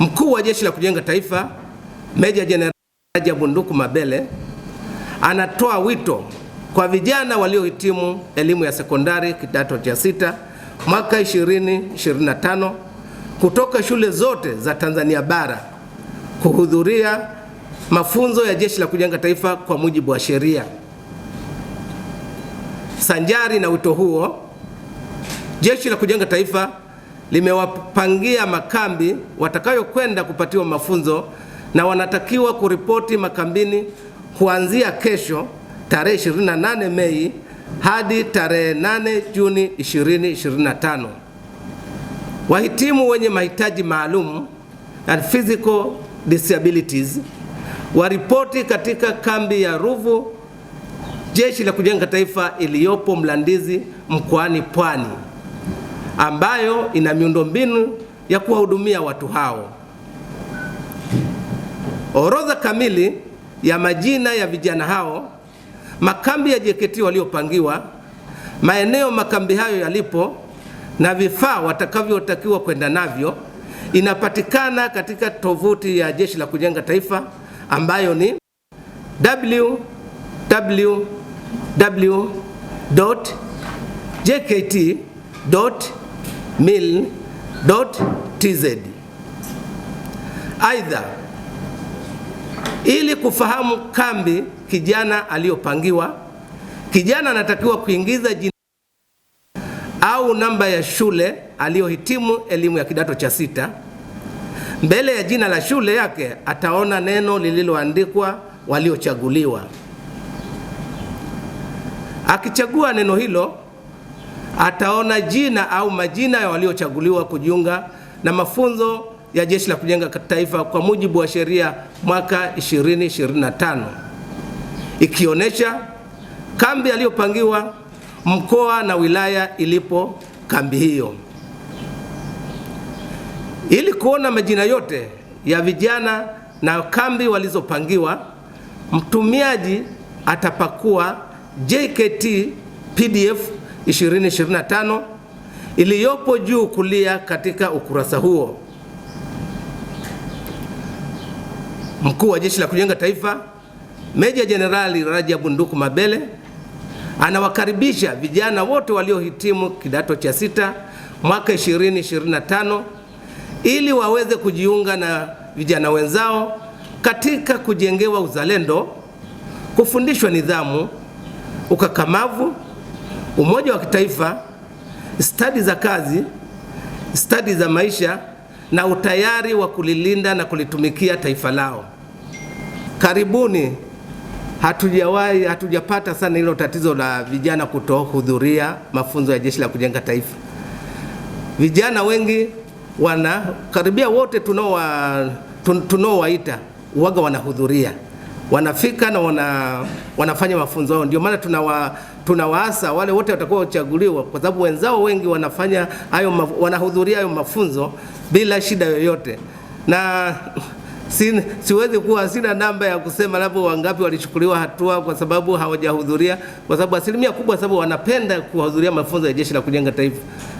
Mkuu wa Jeshi la Kujenga Taifa Meja Jenerali Rajabu Nduku Mabele anatoa wito kwa vijana waliohitimu elimu ya sekondari kidato cha sita mwaka 2025 kutoka shule zote za Tanzania bara kuhudhuria mafunzo ya Jeshi la Kujenga Taifa kwa mujibu wa sheria. Sanjari na wito huo, Jeshi la Kujenga Taifa limewapangia makambi watakayokwenda kupatiwa mafunzo na wanatakiwa kuripoti makambini kuanzia kesho tarehe 28 Mei hadi tarehe 8 Juni 2025. Wahitimu wenye mahitaji maalum and physical disabilities waripoti katika kambi ya Ruvu Jeshi la Kujenga Taifa iliyopo Mlandizi mkoani Pwani ambayo ina miundombinu ya kuwahudumia watu hao. Orodha kamili ya majina ya vijana hao, makambi ya JKT waliopangiwa, maeneo makambi hayo yalipo na vifaa watakavyotakiwa kwenda navyo inapatikana katika tovuti ya Jeshi la Kujenga Taifa ambayo ni www.jkt mil.tz. Aidha, ili kufahamu kambi kijana aliyopangiwa, kijana anatakiwa kuingiza jina au namba ya shule aliyohitimu elimu ya kidato cha sita. Mbele ya jina la shule yake ataona neno lililoandikwa waliochaguliwa. Akichagua neno hilo ataona jina au majina ya waliochaguliwa kujiunga na mafunzo ya Jeshi la Kujenga Taifa kwa mujibu wa sheria mwaka 2025 ikionyesha kambi aliyopangiwa, mkoa na wilaya ilipo kambi hiyo. Ili kuona majina yote ya vijana na kambi walizopangiwa, mtumiaji atapakua JKT PDF 2025 iliyopo juu kulia katika ukurasa huo. Mkuu wa Jeshi la Kujenga Taifa Meja Jenerali Rajabu Nduku Mabele anawakaribisha vijana wote waliohitimu kidato cha sita mwaka 2025 ili waweze kujiunga na vijana wenzao katika kujengewa uzalendo, kufundishwa nidhamu, ukakamavu umoja wa kitaifa, stadi za kazi, stadi za maisha na utayari wa kulilinda na kulitumikia taifa lao. Karibuni hatujawahi hatujapata sana hilo tatizo la vijana kutohudhuria mafunzo ya Jeshi la Kujenga Taifa. Vijana wengi wana karibia wote tunaowaita waga wanahudhuria wanafika na wana, wanafanya mafunzo yao. Ndio maana tunawa tunawaasa wale wote watakaochaguliwa, kwa sababu wenzao wengi wanafanya hayo, wanahudhuria hayo mafunzo bila shida yoyote, na si, siwezi kuwa sina namba ya kusema labda wangapi walichukuliwa hatua kwa sababu hawajahudhuria, kwa sababu asilimia kubwa, sababu wanapenda kuhudhuria mafunzo ya Jeshi la Kujenga Taifa.